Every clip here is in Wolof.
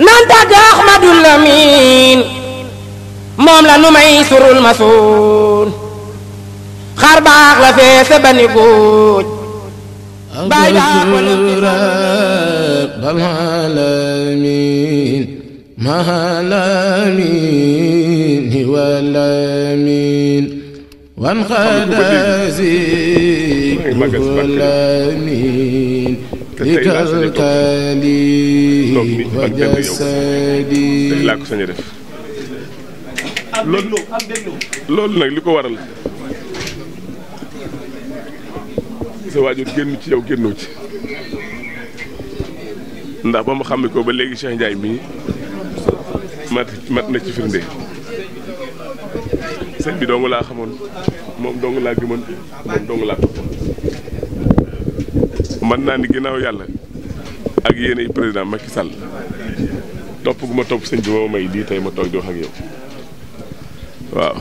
nan tàgg Ahmadul Lamin moom la nu may surul masuun xar baax la feese ba ni góoj baay daa ko rabbal alamin mahalamin walamin wan xadaasi walamin li tartaali loolu nag li ko waral sa waajur génn ci yow génnoo ci ndax ba mu xam ne ko ba léegi Cheikh njaay mii mat mat na ci firnde sëñ bi dong laa xamoon moom dong laa gëmoon moom dong laa toppoon man naa ni ginnaaw yàlla ak yéenay président Macky Sall topp gu ma topp sëñ bi moo may lii tey ma toog di wax ak yow waaw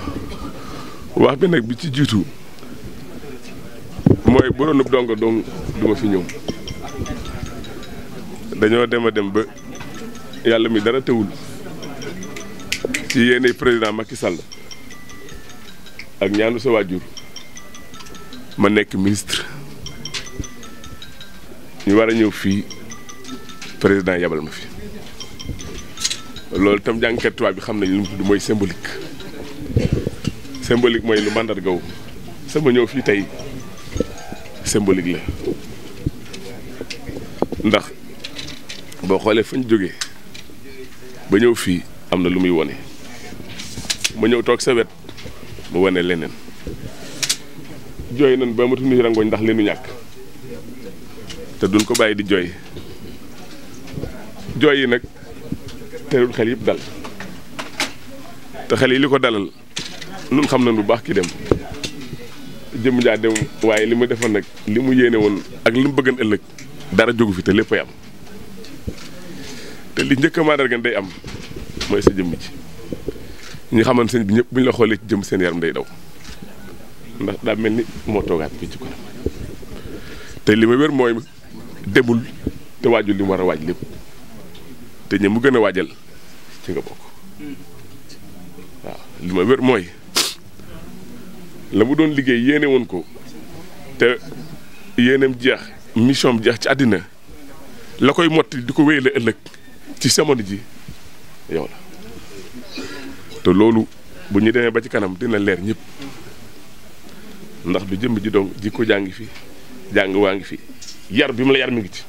wax bi nag bi ci jiitu mooy bu doonub donga dong du fi ñëw dañoo dem a dem ba yàlla mi dara tewul ci yéenay président Macky Sall ak ñaanu sa waajur ma nekk ministre ñu war a ñëw fii président yabal ma fi loolu itam jàngkat tubaab bi xam nañ lu mu tudd mooy symbolique symbolique mooy lu màndargaw sama ñëw fii tey symbolique la ndax boo xoolee fañ jóge ba ñëw fii am na lu muy wone ma ñëw toog sa wet mu wone leneen jooy nañ ba ma tudd rangoñ ndax leenu ñàkk te duñ ko bàyyi di jooy jooy yi nag terewul xel yëpp dal te xel yi li ko dalal nun xam na bu baax ki dem jëm jaa dem waaye li ma defoon nag li mu yéene woon ak li mu bëggan ëllëg dara jógu fi te léppay am te li njëkk a màndargan day am mooy sa jëmm ci ñu xaman sëñ bi ñëpp bu ñu la xoolee ci jëm seen yaram day daw ndax daa mel ni moo toogaat bi ci kanam te li ma wér mooy demul te waajul li war a waaj lépp te ñe mu gën a waajal ci nga bokk waaw li ma wér mooy la mu doon liggéey yéene woon ko te yéeneem jeex mission jeex ci àddina la koy motti di ko wéy la ëllëg ci jamono ji yow la te loolu bu ñu demee ba ci kanam dina leer ñëpp ndax lu jëmm ji dong ji jaa ngi fi jàng waa ngi fi yar bi mu la yar mi ngi ci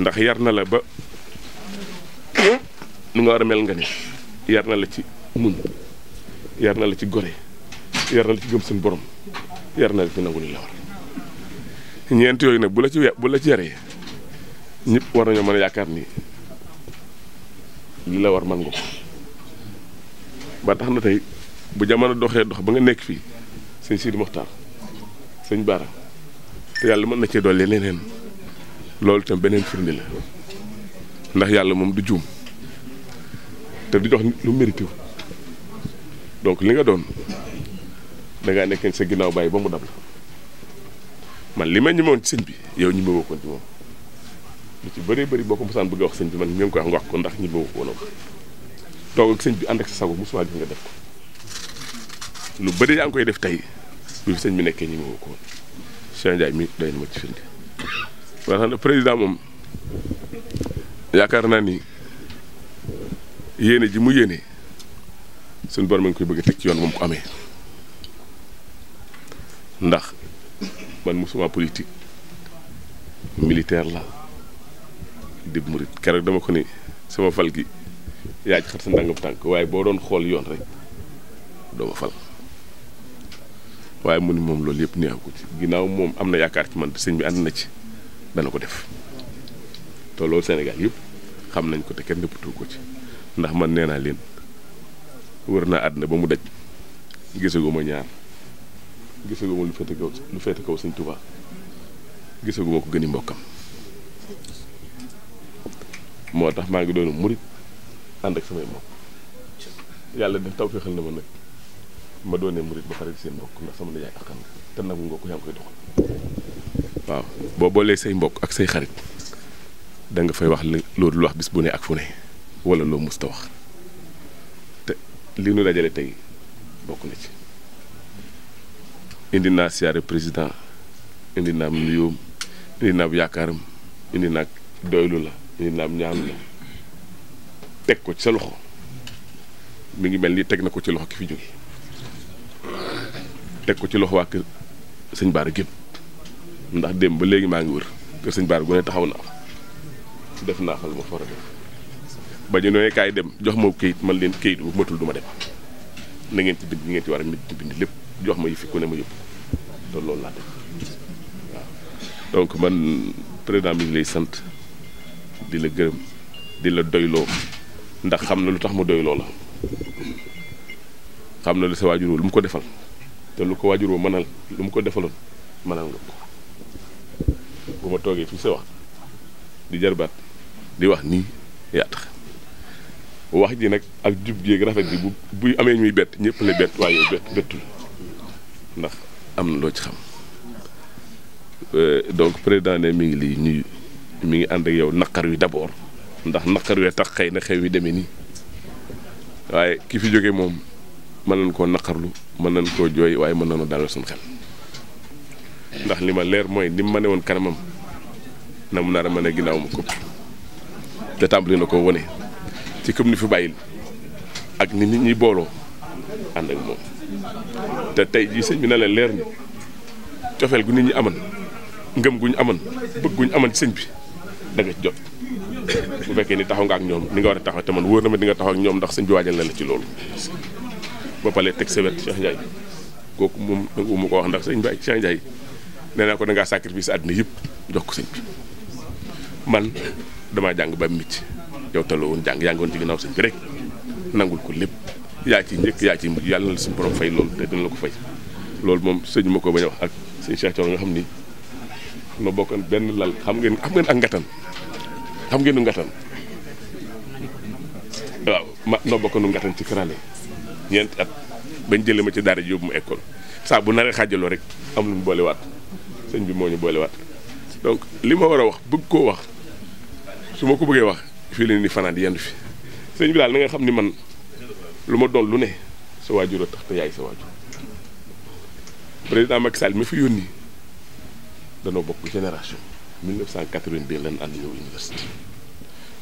ndax yar na la ba nu nga war a mel nga ni yar na la ci muñ yar na la ci gore yar na la ci gëm seen borom yar na la ci nangu li la war ñeent yooyu nag bu la ci bu yaree ñëpp war nañoo mën yaakaar ni li la war man nga ko ba tax na tey bu jamono doxee dox ba nga nekk fii sëñ Sidi Moxtaar sëñ Baara te yàlla mën na cee dolli leneen loolu tam beneen firnde la ndax yàlla moom du juum te du jox lu mérité wu donc li nga doon da ngaa nekk sa ginnaaw bàyyi ba mu dab la man li ma ñemewoon sëñ bi yow ñi ma wokkoon ci moom lu ci bëree bëri boo ko mosaan bëgg a wax sëñ bi man mi ngi ko wax nga wax ko ndax ñi ma wokkoon wax toog ak sëñ bi ànd ak sa sago mosuma gis nga def ko lu bëri yaa ngi koy def tey bi sëñ bi nekkee ñi ko Cheikh Ndiaye mi doy na ma ci firnde waaye président moom yaakaar naa ni yéene ji mu yéene suñu borom a ngi koy bëgg teg ci yoon moom ko amee ndax man musuma politique militaire la dib murit keroog dama ko ni sama fal gi yaaj xam sa ndàngam tànk waaye boo doon xool yoon rek doo ma fal waaye mu ni moom loolu yëpp neexu ko ci ginnaaw moom am na yaakaar ci man te sëñ bi ànd na ci dana ko def te loolu yépp xam nañ ko te kenn nëppatoo ko ci ndax man nee naa leen wër naa àdduna ba mu daj gisaguma ñaar gisaguma lu féete kaw lu féete kaw sëñ Tuubaa gisaguma ko gëni mbokkam moo tax maa ngi doon murit ànd ak samay mbokk yàlla def tawféexal na ma nag ma doonee murit ba pare seen mbokk ndax sama nijaay ak xam nga te nag nga ko yaa ngi koy doxal waaw boo boolee say mbokk ak say xarit da nga fay wax loolu lu wax bis bu ne ak fu ne wala loo musta wax te li nu dajale tey bokk na ci indi naa siyaare président indi naam nuyóom indi naam yaakaaram indi naag doylu la indi naam ñaan la teg ko ci sa loxo mu ngi mel ni teg na ko ci loxo ki fi jóge teg ko ci loxo waa kër sëñ Baara gépp ndax démb ba léegi maa ngi wër kër sëñ Baara gu ne taxaw naa def naa xal ma fara def ba ñu nooyee kaay dem jox ma kayit man leen kayit bu matul du ma dem na ngeen ci bind ñi ngeen ci war a bind lépp jox ma yi fi ku ne ma yóbbu loolu laa def waaw donc man président mi ngi lay sant di la gërëm di la doyloo ndax xam na lu tax mu doyloo la xam na lu sa waajur lu mu ko defal te lu ko waajuroo mënal lu mu ko defaloon mënal nga ko bu ma toogee fii sa wax di jarbaat di wax nii yaa tax wax ji nag ak jub gi rafet gi buy amee ñuy bett ñëpp la bett waaye yow bett ndax am na loo ci xam euh, donc président ne mi ngi lii ñuy mi ngi ànd ak yow naqar wi d'abord ndax naqar wee tax xëy na xew yi demee nii waaye ki fi jóge moom mën nañ koo naqarlu mën nañ koo jooy waaye mën nañu dalal suñu xel ndax li ma leer mooy ni ma ne woon kanamam na mu nar a mën a ginnaaw ma këpp te tàmbali na ko wone ci këm ni fi bàyyil ak ni nit ñi booloo ànd ak moom te tey jii sëñ bi na leen leer ni cofeel gu nit ñi aman ngëm guñ amoon bëgg guñ aman ci sëñ bi da ci jot bu fekkee ni taxaw nga ak ñoom ni nga war a taxaw te man wóor na ma di nga taxaw ak ñoom ndax sëñ bi waajal na la ci loolu ba pare teg sa wet Cheikh Ndiaye kooku moom nanguwuma ko wax ndax sëñ Baye Cheikh Ndiaye nee naa ko dangaa sacrifice àddina yëpp jox ko sëñ bi man damaa jàng ba micc yow taloo woon jàng yaa ngi ci bi rek nangul ko lépp yaa ci njëkk yàlla na fay loolu te dina la ko fay loolu moom sëñ ma ko bañ ak sëñ Cheikh nga xam ni no benn lal xam ngeen xam ak ngatan xam ngeen nu ngatan ma noo bokkoon nu ngatan ci karale ñeenti at bañ jëlee ma ci daara ji yóbbu mu école saa bu naree xaajaloo rek am lu mu boolewaat sëñ bi moo ñu boolewaat donc li ma war a wax bëgg koo wax su ma ko bëggee wax fii la ni fanaan yendu fi sëñ bi daal na nga xam ni man lu ma doon lu ne sa waajur a tax te yaay sa waajur président Macky Sall mi fi yónni danoo bokk génération 1982 lan ànd ñëw université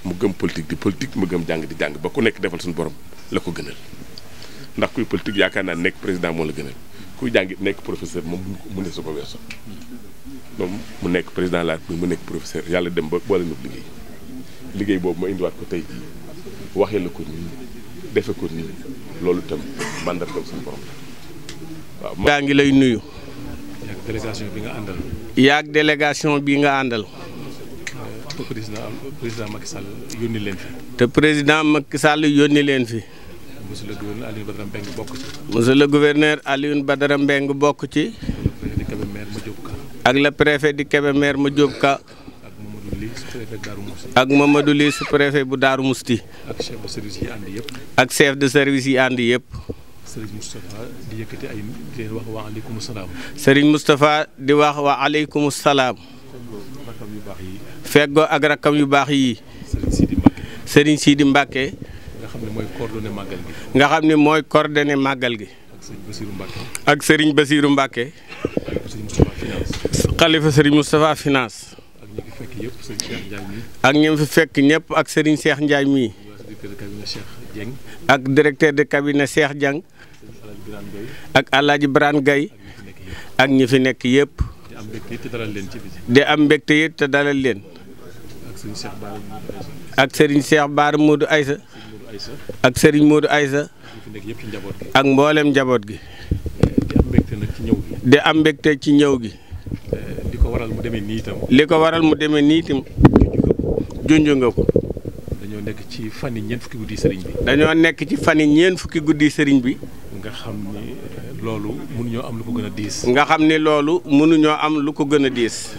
mu gëm politique di politique mu gëm jàng di jàng ba ku nekk defal suñu borom la ko gënal ndax kuy politique yaakaar naa nekk président moo la gënal kuy jàngit nekk professeur moom mu ne sa ko weesu moom mu nekk président la bi mu nekk professeur yàlla dem ba boole ñu liggéey boobu ma indiwaat ko tey jii waxee la ko nii defe ko nii loolu itam mandargam suñu borom la waaw. yaa ngi lay nuyu. yaag délégation bi nga àndal. yaag délégation bi nga àndal. te président Macky Sall yónni leen te président Macky Sall yónni leen fi. monsieur le gouverneur Alioune Badara Mbengue bokk ci. monsieur le ak le préfet di Kébémer ma Diop Ka. ak Mamadou su préfet bu Daaru Musti ak chef de service yi ànd yëpp. ak chef de service yi ànd yëpp. Serigne Moustapha di wax wa aleykum salaam. Serigne Moustapha di wax wa aleykum salaam. ak rakkam yu baax yi. Serigne Sidi Mbacké. Serigne xam nga xam ne mooy coordonné màggal gi. ak sëriñ Basirou Mbacke. ak sëriñ Basirou Mbacke. xalifa sëriñ Moustapha Finance. ak ñi fi fekk yëpp ak ñëpp ak sëriñ seex Ndiaye mii. ak directeur de cabinet seex Dieng. ak El Hadj Birane ak ñu fi nekk yëpp. di am mbégte te dalal leen ci di te dalal leen. ak Serigne Cheikh Bara Modou Aïssa. ak ak sëriñ Serigne Modou Aïssa ak mbooleem njaboot gi di am mbégte ci ñëw gi li eh, ko waral mu demee nii itam li ko waral mu demee nii itam junj nga ko dañoo nekk ci fan yi ñeent fukki guddi sëriñ bi dañoo nekk ci fan yi ñeent guddi sëriñ bi nga xam ni eh, loolu mënuñoo am lu ko gën a diis nga xam ni loolu mënuñoo am lu ko gën a diis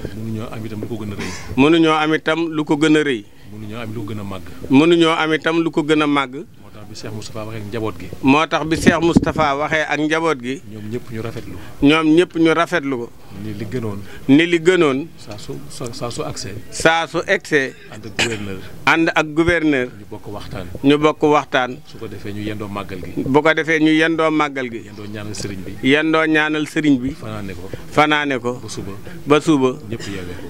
mënuñoo am itam lu ko gën rëy mënuñoo am lu gën a màgg. mënuñoo am itam lu ko gën a màgg. moo tax bi Cheikh Moustapha waxee ak njaboot gi. moo tax bi Cheikh Moustapha waxee ak njaboot gi. ñoom ñëpp ñu rafetlu ko. ñoom ñëpp ñu rafet lu ko. ni li gënoon. li gënoon. saa su saa su accès. saa su accès. ànd ak gouverneur. ànd ak gouverneur. ñu bokk waxtaan. ñu bokk waxtaan. su ko defee ñu yendoo màggal gi. bu ko defee ñu yendoo màggal gi. yendoo ñaanal sëriñ bi. yendoo ñaanal sëriñ bi. fanaane ko. fanaane ko. ba suba. ba suba.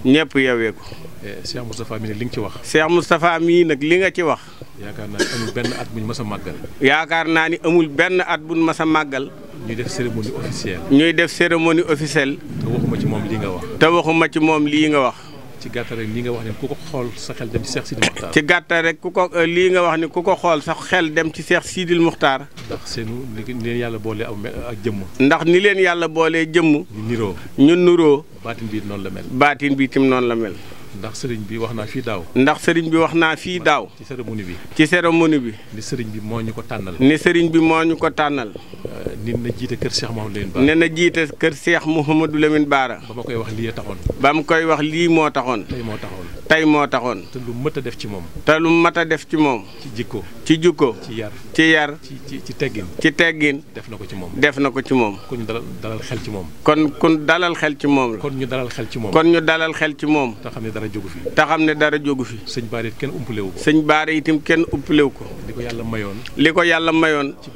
ñëpp yeewee ko. Eh, Cheikh Moustapha mii nag li nga ci wax. Cheikh Moustapha mii nag li nga ci wax. yaakaar naa ni amul benn at buñ mas a màggal. yaakaar naa ni amul benn at bu buñ mas a màggal. ñuy def cérémonie officielle. ñuy def cérémonie officielle. te waxuma ci moom lii nga wax. te waxuma ci moom lii nga wax. ci gàttal rek lii nga wax ne ku ko xool sa xel dem ci Cheikh Sidil Muxtaar. ci gàttal rek ku ko eh, lii nga wax ne ku ko xool sa xel dem ci Cheikh Sidil Muxtaar. ndax seenu ni leen yàlla boole ak jëmm. ndax ni leen yàlla boolee jëmm. ñu niroo ñu nuroo. baatin bi noonu la mel. baatin bi tim noonu la mel. ndax sëriñ bi wax naa fii daaw. ndax sëriñ bi wax naa fii daaw. ci cérémonie bi. ci cérémonie bi. ni sëriñ bi moo ñu ko tànnal. ni sëriñ bi moo ñu ko tànnal. Euh, ni na jiite kër Cheikh Mouhamadou Lamine Bara. nee na jiite kër Cheikh Mouhamadou Lamine Bara. ba ma koy wax lii taxoon. ba mu koy wax lii moo taxoon. tey moo taxoon. tey moo taxoon. te lu mat a def ci moom. te lu mat a def ci moom. ci jikko ci jikko. ci yar ci yar. ci ci ci teggin. ci teggin. def na ko ci moom. def na ko ci moom. kon ñu dalal xel ci moom. kon kun dalal xel ci moom la. ñu dalal xel ci moom. kon ñu dalal xel ci moom. te xam ne dara jógu fi. te xam ne dara jógu fi. sëñ Baara it kenn wu ko. sëñ Baara itam kenn umpale wu ko. yàlla mayoon. li yàlla mayoon. ci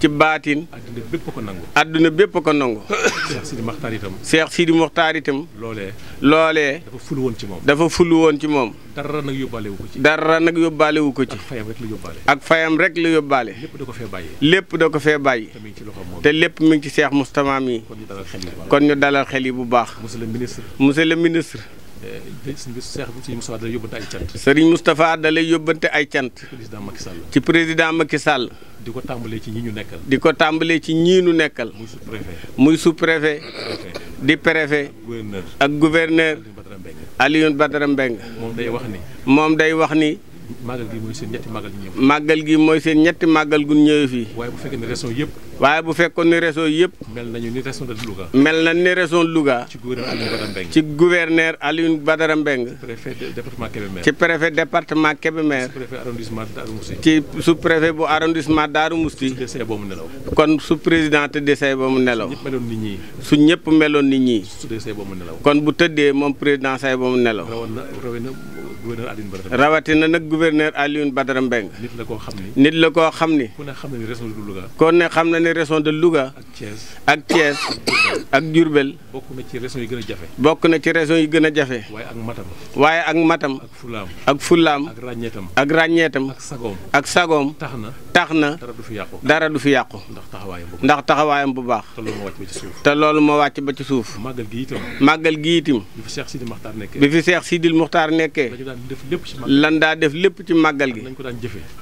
ci baatin. adduna bépp ko nangu. adduna bépp ko nangu. Cheikh Sidi Mokhtar itam. Cheikh Sidi Mokhtar itam. loolee. loolee. dafa fulu woon ci moom. dafa fulu woon woon ci moom. da ko fee bàyyi. lépp mi ngi mi. kon ñu dalal xel yi bu baax. monsieur le ministre. monsieur le ministre. Serigne Moustapha da lay yóbbante ay cant. ci président Macky di ko tàmbalee ci ñi nekkal. di ko tàmbalee ci ñii ñu nekkal. muy sous préfet. muy di préfet. ak gouverneur. Aliou Badara Mbeng moom day wax ni moom day wax ni màggal gi mooy seen ñetti màggal gu gi mooy seen ñetti màggal gu ñëwee fii. waaye bu yëpp. waaye bu fekkoon ne régions yëpp. mel nañu ni région de Louga. mel na ni région Louga. ci gouverneur Alioune Badara Mbengue. ci gouverneur Alioune Badara Mbengue. préfet département ci su département Kébémer. ci préfet arrondissement Darou Mousty. ci sous préfet bu arrondissement Darou Mousty. kon su président tëddee say ba mu nelaw. su ñëpp meloon nit ñi. kon bu tëddee moom président say ba mu nelaw. gouverneur Alioune Badara Mbengue rawatina nag gouverneur Alioune Badara Mbengue. nit la koo xam ni. nit la koo xam ni. ku xam na ni région de kon ne xam na ni reson de Louga. ak Thiès ak Thiès ak Diourbel. bokk na ci région yi gën a jafe. bokk na ci région yi gën a jafe. waaye ak matam. waaye ak matam. ak fulaam ak fulaam. ak ak ràññeetam. ak sagoom ak sagoom. tax na. tax na dara du fi yàqu ndax taxawaayam bu baax te loolu moo wàcc ba ci suuf màggal gi itam bi fi seex Sidil Muxtaar nekkee lan daa def lépp ci màggal gi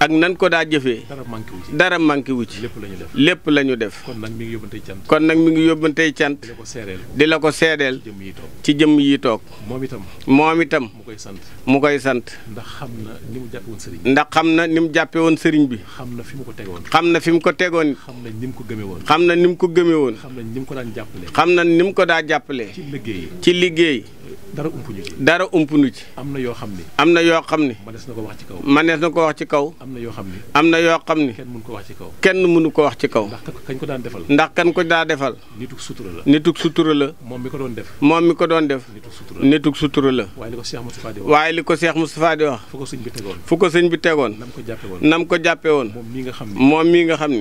ak nan ko daa jëfee dara manqué wu ci lépp la ñu def kon nag mi ngi yóbbantey cant di la ko seedeel ci jëm yi toog moom itam mu koy sant ndax xam na ni mu jàppee woon sëriñ bi na fi mu ko tegoon. xam na fi mu ko tegoon. xam na ni mu ko gëmee woon. xam na ni mu ko gëmee woon. xam daa jàppale. ci liggéey dara umpuñu ci. ci. am na yoo xam ni am na yoo xam ne. mënees na ko wax ci kaw. mënees na wax ci am na yoo xam ne. am na yoo xam ne. kenn mënu ko wax ci kaw. kenn mënu ko wax ci kaw. ndax kañ ko daan defal. ndax kañ ko daa defal. nitug sutura la. nitug sutura la. moom mi ko doon def. moom mi ko doon def. nitug sutura la nitug sutura la. waaye li ko Cheikh Moustapha di wax. fu ko sëñ bi tegoon. fu ko ko jàppee moom mii nga xam ni moom mii nga xam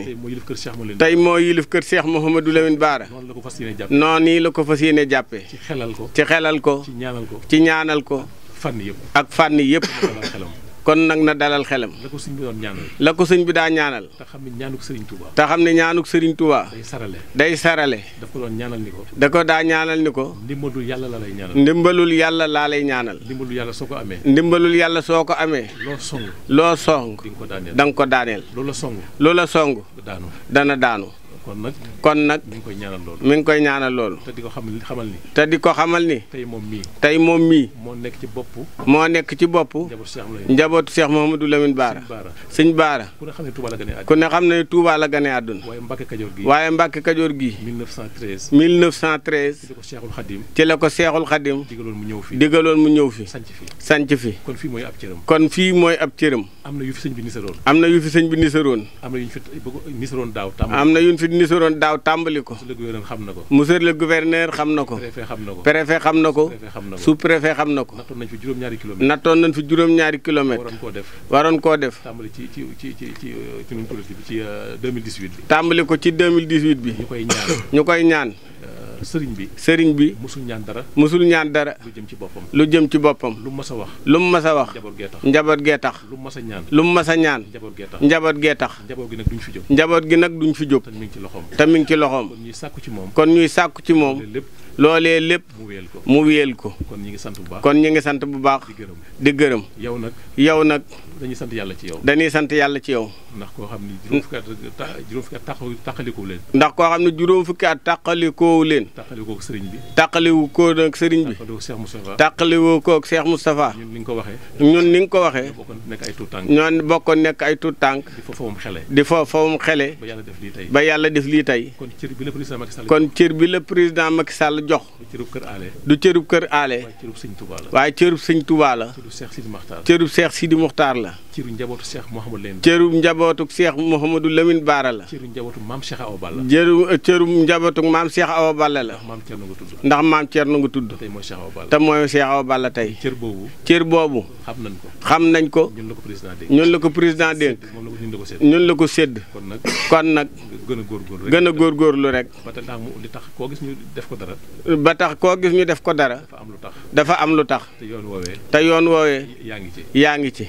ni. tey moo yilif kër Cheikh Mouhamadou tey moo yilif kër Cheikh Mouhamadou Lamine Bara. noonu la ko fas yéene jàppee noonu la ko fas yéene jàppee. ci xelal ko ci xelal ko. ci ñaanal ko ci ñaanal ko. fànn yëpp ak fànn yëpp. kon nag na dalal xelam. la ko sëñ bi doon ñaanal. la sëñ bi daa ñaanal. te xam ne ñaanuk sëriñ Touba. te xam ne ñaanuk sëriñ Touba. day sarale. day sarale. da ko doon ñaanal ni ko. da ko daa ñaanal ni ko. ndimbalul yàlla laa lay ñaanal. ndimbalul yàlla laa lay ñaanal. ndimbalul yàlla soo ko amee. ndimbalul yàlla soo ko amee. loo song. loo song. di nga ko daaneel da nga ko daaneel. loola song. loola song. daanu dana daanu. kon nag kon nag mi ngi koy ñaanal loolu mi ngi koy ñaanal loolu. te di ko xamal ni. te di ko xamal tey moom mii. tey moom mii. moo nekk ci bopp. moo nekk ci bopp. njabootu Cheikh Mouhamadou Lamine Baara. sëñ Baara. ku ne xam ne Touba la gane àdduna. ku ne xam ne Touba la gane àdduna. waaye Mbacke Kajoor gi waaye Mbacke Kajoor gii. 1913. 1913. ci la ko Cheikhul Khadim. ci la ko Cheikhul Khadim. digaloon mu ñëw fi. digaloon mu ñëw fi. sanc fi sanc fi. kon fii mooy ab cëram. kon fii mooy ab cëram. am na yu fi sëñ bi nisaroon. am na yu fi sëñ bi nisaroon. am na yu ñu fi nisaroon nisoroon daaw tàmbali ko. monsieur le gouverneur xam na ko. monsieur le gouverneur xam na ko. préfet xam xam na ko. nattoon nañ fi juróom-ñaari kilomètres. waroon koo def tàmbali ci ci ci ci ci euh, ci euh, bi. ñu koy ñaan. sëriñ bi sëriñ bi. musul ñaan dara. musul ñaan dara. lu jëm ci boppam. lu jëm ci boppam. lu mas a wax. lu mas a wax. njaboot gee tax njaboot gee tax. lu mas a ñaan. lu mas a ñaan. njaboot gee tax njaboot gee tax. njaboot gi nag duñ fi jóg. njaboot gi nag duñ fi jóg. te mi ngi ci loxoom. te mi ngi ci loxoom. sàkku ci moom. kon ñuy sàkku ci moom. loolee lépp mu wéyal ko kon ñi ngi sant bu baax kon ñi ngi sant bu baax di gërëm yow nag yow nag dañuy sant yàlla ci yow dañuy sant yàlla ci yow ndax koo xam ne juróom fukki at juróom fukki at leen tàqale ko sëriñ bi. tàqale wu ko nag sëriñ bi. tàqale woo ko ak Cheikh Moustapha. ñun ni nga ko waxee. ñun ni nga ko waxee. ñoo bokkoon nekk ay tuut tànk. di fa fawum xele. di fa fawum xele. ba yàlla def lii tey. ba yàlla def lii tey. kon cër bi la président Macky Sall jox. kon cër bi la président Macky Sall jox. du cërub kër aale. du cërub kër aale. waaye cërub sëñ Touba la. waaye cërub sëñ Touba la. cërub Cheikh Sidi Mokhtar la. cëru njabootu seex Mouhamadou Lamine. cëru njabootu seex Mouhamadou Lamine Baara la. cëru njabootu maam Cheikh Awa Balla. jëru cëru njabootu maam Cheikh Awa Balla la. ndax maam Thierno nga tudd. ndax maam Thierno nga tudd. tey mooy Cheikh Awa te mooy Cheikh Awa Balla tey. cër boobu. xam nañ ko. ñun la ko président dénk. ñun la ko président dénk. ñun la ko sédd. kon nag gën a góorgóorlu rek a góorgóorlu rek. ba tax ko dara. ba tax gis ñu def ko dara. dafa am lu tax. te yoon woowee. te yoon woowee. yaa ngi ci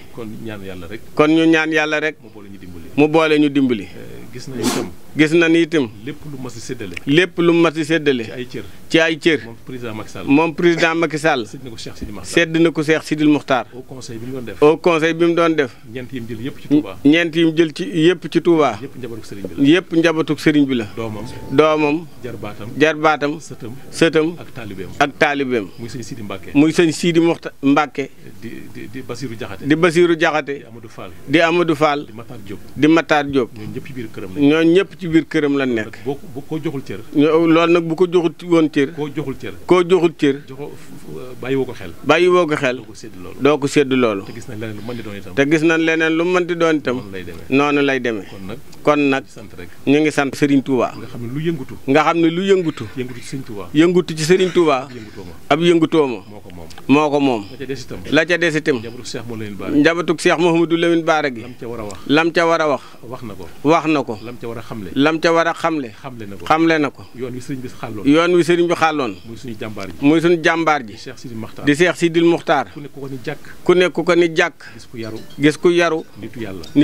yàlla kon ñu ñaan yàlla rek. mu boole ñu dimbali mu boole ñu dimbali. Eh, gis nañ itam gis na ni itam. lépp lu ma si lu ma si séddale. ci ay cër ci ay cër. moom président Macky Sall moom président Macky Sall. sédd na ko Cheikh Sidil Mokhtar sédd na ko Cheikh Sidil Mokhtar. au conseil bi mu doon def. au bi ñeent yi jël ci Touba. ci yëpp ci Touba. sëriñ bi la yëpp njabootu sëriñ bi la. doomam doomam. jarbaatam jarbaatam. sëtam sëtam. ak taalibeem ak taalibeem. muy sëñ Sidi Mbacke. muy sëñ Sidi Mokhtar Mbacke. di di di Basirou Diakhaté. di Basirou Diakhaté. di Amadou Fall. di Amadou Fall. di Matar Diop. ci biir këram lan nekk. boo ko koo joxul cër. loolu nag bu ko joxul woon cër. koo joxul cër. koo joxul cër. joxo bàyyiwoo ko xel. bàyyiwoo ko xel. doo ko sédd loolu sédd loolu. te gis nañ leneen lu mën di doon itam. te gis nañ leneen lu man di doon itam. noonu lay demee noonu lay kon nag ñu ngi sant Serigne Touba. nga xam ne lu yëngutu. nga xam ne lu yëngutu. yëngutu ci Serigne Touba. yëngutu ci Serigne Touba. ab yëngutoo ma. moo ko moom moo ko moom. la ca des itam la ca des itam. njabatug Cheikh Mouhamadou Lamine Bara gi. lam ca war a wax lam ca war a wax. wax na ko wax na ko. lam ca war a xamle. lam ca war a xamle. xamle na ko xamle na ko. yoon wi Serigne bi xàlloon. yoon wi Serigne bi xàlloon. muy suñu jàmbaar ji muy suñu jàmbaar ji. di Cheikh Sidil Muxtaar. ku nekk ku ko ni jàkk. gis ku yaru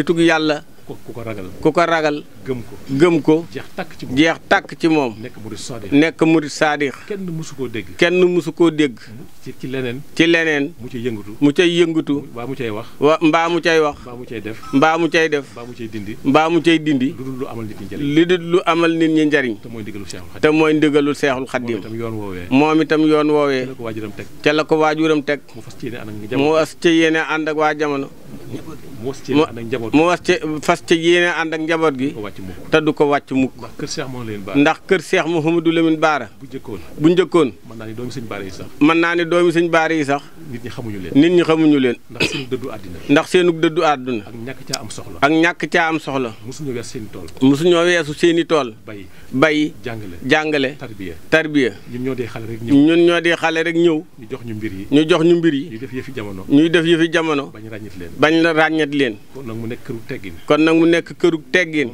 nitu yàlla ku ko ragal. ku ko ragal. gëm ko gëm ko. jeex tàkk ci moom tàkk ci moom. nekk murid saadix nekk murid saadix. kenn mësu koo dégg. kenn mësu koo dégg. ci leneen. ci leneen. mu cay yëngatu. mu cay yëngatu. mbaa mu cay wax. wa mbaa mu cay wax. mbaa mu cay def. mbaa mu cay def. mbaa mu cay dindi. mbaa mu cay dindi. lu dul lu amal nit ñi njariñ. lu dul lu amal nit ñi njariñ. te mooy ndigalul seexul xaddim. te mooy ndigalul seexul xaddim. moom itam yoon woowee. ca la ko waajuram teg. mu fas ci yéene ànd ak waa jamono mu was cee ànd ak njaboot mu was cee fas ca yéene ànd ak njaboot gi. te du ko wàcc mukk ndax kër Cheikh moo leen baara ndax kër Cheikh Mouhamadou Lamine Baara. bu njëkkoon bu njëkkoon. mën naa ni doomi sëñ baara yi sax. mën naa nit ñi xamuñu leen. nit ñi xamuñu leen. ndax seenu dëddu àddina. ndax seenu dëddu àddina. ak ñàkk caa am soxla. ak ñàkk caa am soxla. mosuñu weesu seen i tool. mosuñu weesu seen i tool. bay bay jàngale jàngale. tarbiya tarbiya. ñun ñoo dee xale rek ñëw ñun ñoo xale rek ñëw. ñu jox ñu mbir yi ñu jox ñu mbir yi. ñuy def yëfi jamono ñuy def yëfi jamono. bañ ràññit leen yëg leen. kon nag mu nekk këru teggin. kon nag mu nekk këru teggin.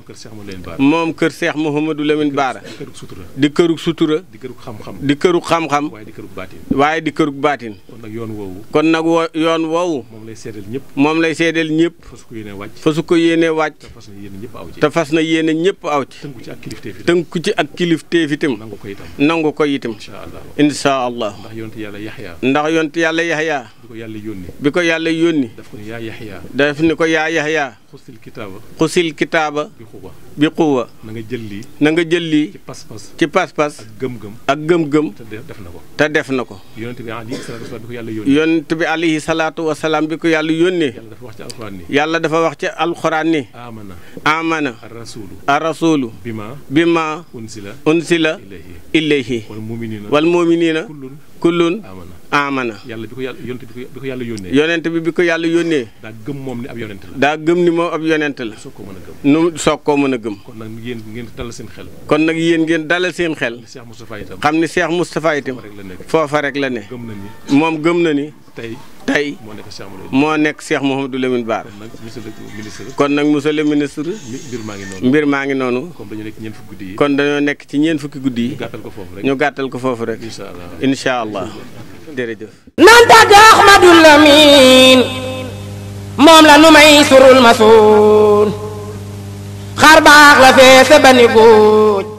moom kër Seex Mouhamadou Lamine Baara. di këru sutura. di këru sutura. di këru xam-xam. di këru xam-xam. waaye di këru baatin. waaye di këru baatin. kon nag yoon woowu. kon nag wo yoon woowu. moom lay seedeel ñëpp. moom lay seedeel ñëpp. fasu ko yéene wàcc. fasu ko yéene wàcc. te fas na yéene ñëpp aw ci. te fas na yéene ñëpp aw ci. tënku ci ak kilifteef tënku ci ak kilifteef itam. nangu ko itam nangu ko itam. incha allah ndax yonent yàlla yaxya. bi ko yàlla yónni. daf ko ni yaa ni ko yaa Yaxya. xusil kitaaba. xusil kitaaba. bi quwwa bi quwwa. na nga jël lii. na nga jël li ci pas-pas. ci pas ak gëm-gëm. ak gëm-gëm. te def na ko. te def na ko. yonent bi alayhi salaatu wasalaam bi ko yàlla yónnee. yonent bi alayhi salaatu wasalaam bi ko yàlla yónnee. yàlla dafa wax ci alxuraan ni. yàlla dafa wax ci alxuraan ni. amana. amana. arrasulu. arrasulu. bima. bima. unsila. unsila. ilayhi. wal muminina. wal muminina. kullun. kullun. amana. amana yàlla bi ko yàlla yonent bi ko yàlla yónnee. bi ko yàlla yónnee. daa gëm moom ni ab daa gëm ni moom ab yonent la. koo mën a nu soog koo mën a gëm. kon nag yéen ngeen dalal seen xel. kon nag yéen ngeen dalal seen xel. Cheikh Moustapha itam xam ni Cheikh Moustapha itam. foofa rek la ne. gëm na moom gëm na ni. tey tey moo nekk Cheikh Mouhamadou Lamine Bara. kon nag monsieur le ministre. mbir maa ngi noonu mbir maa ngi noonu. kon dañoo nekk ci ñeent fukki guddi yi. kon dañoo nekk ci ñeent fukki guddi yi. ñu gàttal ko foofu rek ñu gàttal ko jërëjëf nan tàgg Ahmadul Amin moom la nu may surul masuun xar baax la feese ba ni góoj